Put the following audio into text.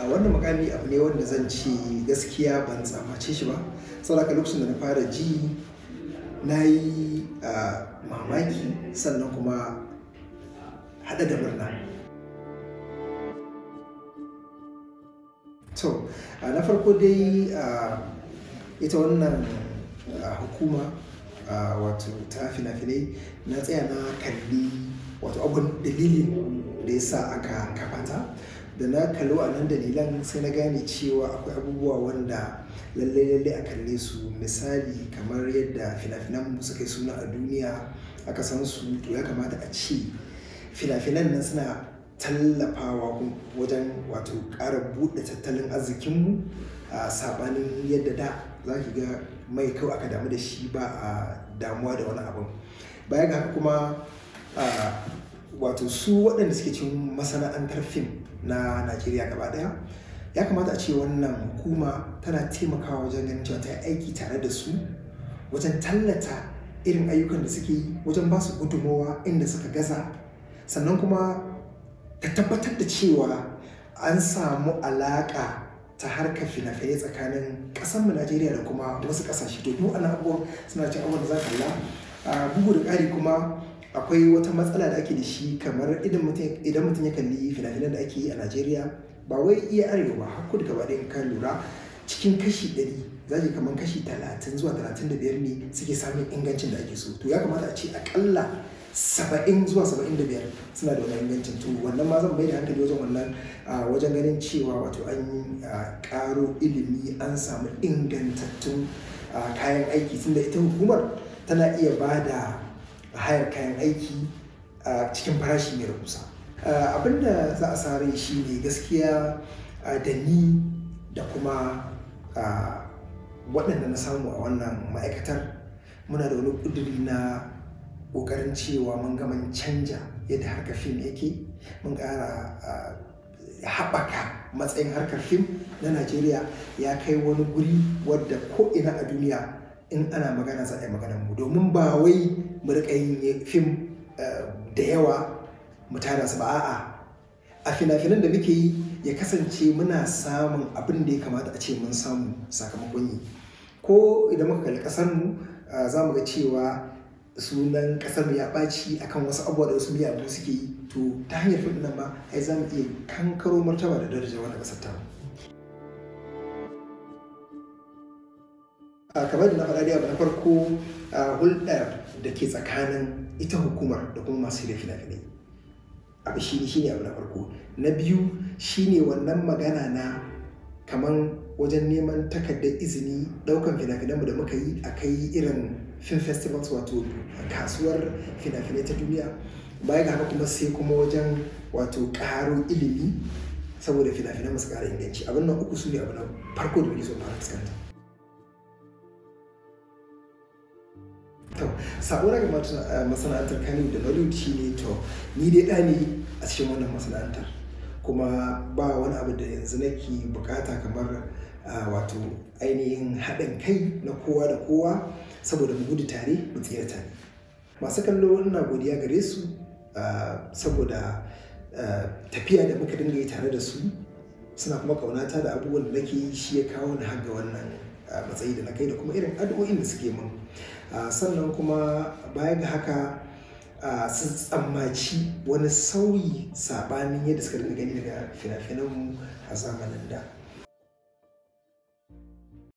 a wannan makami abu ne wanda zan ce gaskiya ban tsamace shi ba saboda lokacin da na fara ji na yi mamaki sannan kuma hada da murna to na farko dai ita wannan hukuma wato ta fina-finai na tsaya na kalli wato abun dalilin da ya sa aka kafata da na a nan dalilan sai na gane cewa akwai abubuwa wanda lallai lallai a kalle su misali kamar yadda fina-finan mu suka suna a duniya aka san su to ya kamata a ci? fina-finan nan suna tallafawa wajen wato ƙara buɗe tattalin arzikinmu a saɓanin yadda da za ki ga mai kawai aka damu da shi ba a damuwa da wani abin baya haka kuma wato su waɗanda suke cin masana'antar fim na najeriya gaba ɗaya ya kamata a ce wannan hukuma tana taimakawa wajen ganin cewa ta yi aiki tare da su wajen tallata irin ayyukan da suke yi wajen ba su gudunmowa inda suka gaza sannan kuma ta tabbatar da cewa an samu alaƙa ta harka fina tsakanin ƙasanmu najeriya da kuma wasu ƙasashe to duk abubuwan suna cin abubuwan da za ka ah, bugu da ƙari kuma akwai wata matsala da ake da shi kamar idan mutum ya kalli fina-finan da ake yi a najeriya ba wai iya arewa ba har kudu gaba ɗayan kan lura cikin kashi ɗari za ki kamar kashi talatin zuwa talatin da biyar ne suke samun ingancin da ake so to ya kamata a ce akalla saba'in zuwa saba'in da biyar suna da wani ingancin to wannan ma zan da hankali wajen wannan wajen ganin cewa wato an yi karo ilimi an samu ingantattun kayan aiki tunda ita hukumar tana iya ba da hayar kayan aiki a cikin farashi mai rahusa abin da za a sa rai shi ne gaskiya da ni da kuma waɗanda na samu a wannan ma'aikatar muna da wani ƙuduri na ƙoƙarin cewa mun gama canja yadda harkar fim yake mun ƙara haɓaka matsayin harkar fim na najeriya ya kai wani guri wadda ko'ina a duniya in ana magana za a yi mu domin ba wai mu riƙa yin fim eh, da yawa mu tara su ba a'a a fina-finan da muke yi ya kasance muna samun abin da ya kamata a ce mun samu sakamakon yi ko idan muka kalli ƙasar mu eh, za mu ga cewa sunan ƙasar mu ya ɓaci akan wasu abubuwa da wasu miyagun suke yi to ta hanyar fim nan ba ai za mu iya kankaro martaba da daraja wannan ƙasar ta mu Ah, kamar da na faɗa da na farko ah, hulɗar da ke tsakanin ita hukumar da kuma masu da fina-finai abu shi ne abu na farko na biyu shi ne wannan magana na kaman wajen neman takardar izini ɗaukan fina mu da muka yi a kai irin film festivals wato kasuwar fina-finai ta duniya baya ga haka kuma sai kuma wajen wato ƙaro ilimi saboda fina-finan masu ƙara inganci abin nan uku su ne abu na farko da muke so fara fuskanta sako daga eh, masana'antar kano da balut ne to ni dai ɗa ne a cikin wannan masana'antar kuma ba wani abu da yanzu nake bukata kamar eh, wato ainihin haɗin kai na kowa da kowa saboda mu gudu tare mu tsira tare masu kallo ina godiya gare su eh, saboda tafiya da muka dinga yi tare da su suna kuma ƙaunata da abubuwan da nake shi ya kawo ni har ga wannan matsayi da na kai da kuma irin addu'o'in da suke min sannan kuma baya ga haka su tsammaci wani sauyi sabanin yadda suka gani daga fina-finanmu a zamanin da